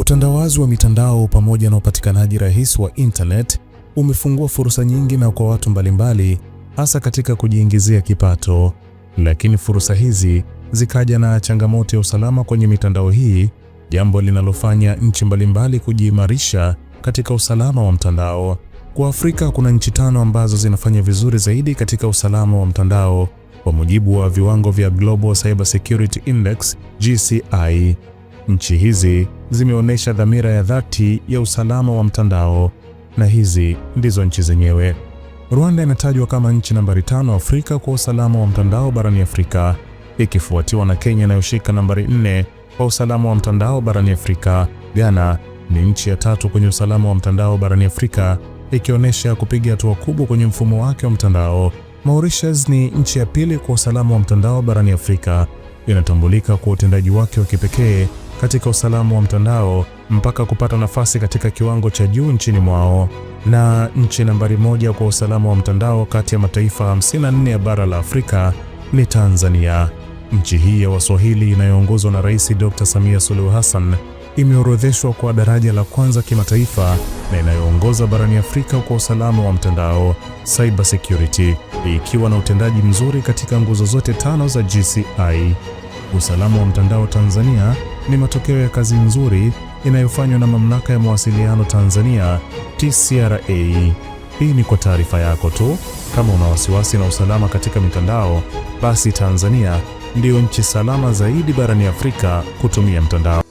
Utandawazi wa mitandao pamoja na upatikanaji rahisi wa internet umefungua fursa nyingi na kwa watu mbalimbali, hasa katika kujiingizia kipato. Lakini fursa hizi zikaja na changamoto ya usalama kwenye mitandao hii, jambo linalofanya nchi mbalimbali kujiimarisha katika usalama wa mtandao. Kwa Afrika kuna nchi tano ambazo zinafanya vizuri zaidi katika usalama wa mtandao kwa mujibu wa viwango vya Global Cyber Security Index, GCI. Nchi hizi zimeonyesha dhamira ya dhati ya usalama wa mtandao na hizi ndizo nchi zenyewe. Rwanda inatajwa kama nchi nambari tano Afrika kwa usalama wa mtandao barani Afrika, ikifuatiwa na Kenya inayoshika nambari nne kwa usalama wa mtandao barani Afrika. Ghana ni nchi ya tatu kwenye usalama wa mtandao barani Afrika, ikionyesha kupiga hatua kubwa kwenye mfumo wake wa mtandao. Mauritius ni nchi ya pili kwa usalama wa mtandao barani Afrika, inatambulika kwa utendaji wake wa kipekee katika usalama wa mtandao mpaka kupata nafasi katika kiwango cha juu nchini mwao na nchi nambari moja kwa usalama wa mtandao kati ya mataifa 54 ya bara la Afrika ni Tanzania. Nchi hii ya Waswahili inayoongozwa na Rais Dr. Samia Suluhu Hassan imeorodheshwa kwa daraja la kwanza kimataifa na inayoongoza barani Afrika kwa usalama wa mtandao cyber security, ikiwa na utendaji mzuri katika nguzo zote tano za GCI. Usalama wa mtandao Tanzania ni matokeo ya kazi nzuri inayofanywa na Mamlaka ya Mawasiliano Tanzania TCRA. Hii ni kwa taarifa yako tu. Kama una wasiwasi na usalama katika mitandao, basi Tanzania ndiyo nchi salama zaidi barani Afrika kutumia mtandao.